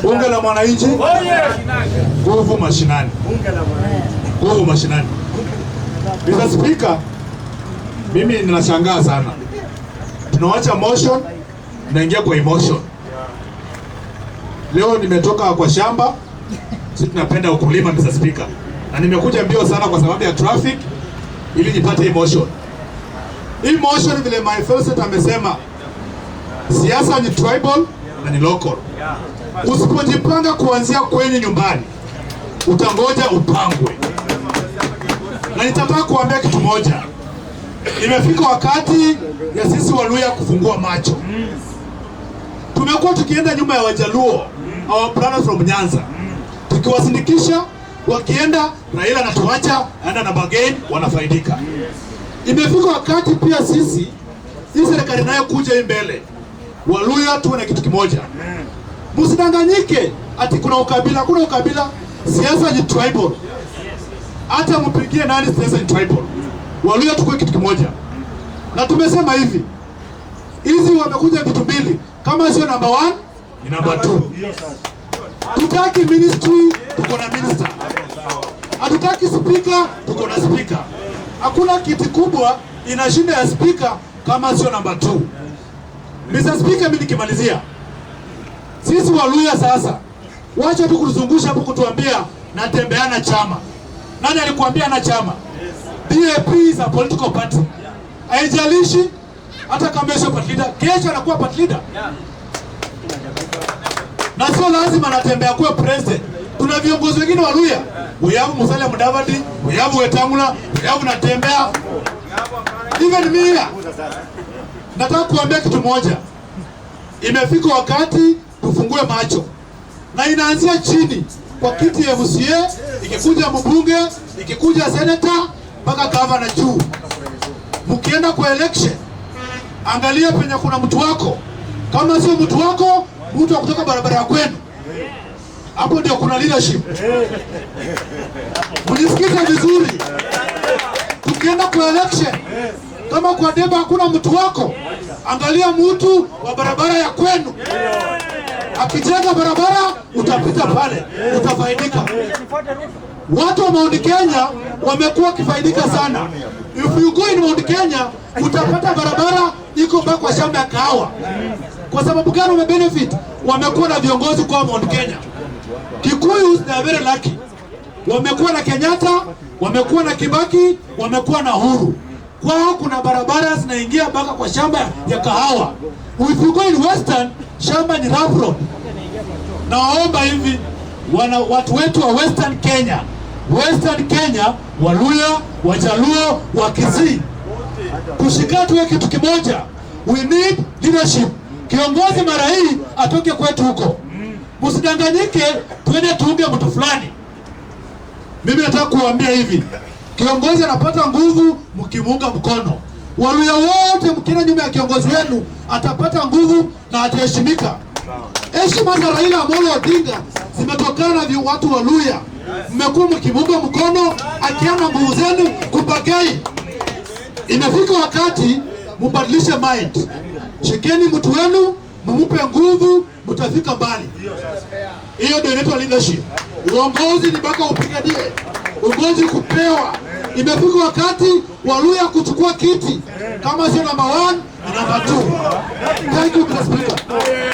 Bunge la Mwananchi, nguvu mashinani, nguvu mashinani. Mr. Speaker, mimi ninashangaa sana, tunawacha motion naingia kwa emotion. Leo nimetoka kwa shamba, sisi tunapenda ukulima Mr. Speaker, na nimekuja mbio sana kwa sababu ya traffic ili nipate emotion. Emotion vile my first amesema, siasa ni tribal na ni local. Usipojipanga kuanzia kwenye nyumbani, utangoja upangwe. Na nitataka kuambia kitu moja, imefika wakati ya sisi Waluya kufungua macho. Tumekuwa tukienda nyuma ya Wajaluo, our brother from Nyanza, tukiwasindikisha wakienda. Raila anatuacha aenda na Bagain, wanafaidika. Imefika wakati pia sisi hii serikali nayo kuja hii mbele, Waluya tuwe na kitu kimoja Musidanganyike ati kuna ukabila, kuna ukabila. Siasa ni tribal, hata mpigie nani, siasa ni tribal. Waluya tukue kitu kimoja, na tumesema hivi, hizi wamekuja vitu mbili, kama sio number 1 ni number 2. Tutaki ministry, tuko na minister. Hatutaki speaker, tuko na speaker. Hakuna kiti kubwa inashinda ya speaker kama sio number 2. Mr. Speaker, mimi nikimalizia sisi Waluya sasa, wacha tu kuzungusha hapo kutuambia natembea na chama. Nani alikuambia na chama? DAP is a political party. Haijalishi hata kama sio party leader, kesho anakuwa party leader. Na sio lazima anatembea kuwa president. Kuna viongozi wengine wa Luya. Uyavu Musalia Mudavadi, Uyavu have Wetangula, we have Natembeya. Even mimi. Nataka kuambia kitu moja. Imefika wakati tufungue macho, na inaanzia chini kwa kiti ya MCA, ikikuja mbunge, ikikuja senator, mpaka gavana juu. Mkienda kwa election, angalia penye kuna mtu wako, kama sio mtu wako, mtu akutoka kutoka barabara ya kwenu hapo ndio kuna leadership. Mlisikiza vizuri, tukienda kwa election, kama kwa deba hakuna mtu wako, angalia mtu wa barabara ya kwenu akijenga barabara utapita pale utafaidika. Watu wa Mount Kenya wamekuwa wakifaidika sana. If you go in Mount Kenya utapata barabara iko mpaka kwa shamba ya kahawa. Kwa sababu gani? benefit? wamekuwa na viongozi kwa Mount Kenya. Kikuyu na very lucky, wamekuwa na Kenyatta, wamekuwa na Kibaki, wamekuwa na Uhuru. Kwao kuna barabara zinaingia mpaka kwa shamba ya kahawa. If you go in Western shamba ni rough road. Nawaomba hivi wana, watu wetu wa Western Kenya, Western Kenya, Waluya, Wajaluo, Wakisii, tushika tuwe kitu kimoja. We need leadership. Kiongozi mara hii atoke kwetu huko, msidanganyike twende tuunge mtu fulani. Mimi nataka kuwaambia hivi, kiongozi anapata nguvu mkimuunga mkono. Waluya wote mkina nyuma ya kiongozi wenu atapata nguvu na ataheshimika. Heshima za Raila Amolo Odinga zimetokana na watu wa Luya, mmekuwa mkimuunga mkono akiana nguvu zenu kubagai. Imefika wakati mubadilishe mind, shikeni mtu wenu, mumupe nguvu, mtafika mbali. Hiyo ndio inaitwa leadership. Uongozi ni mpaka upiganie, uongozi kupewa Imefika wakati wa Luya kuchukua kiti, kama sio namba 1 na namba 2. Thank you Mr. Speaker.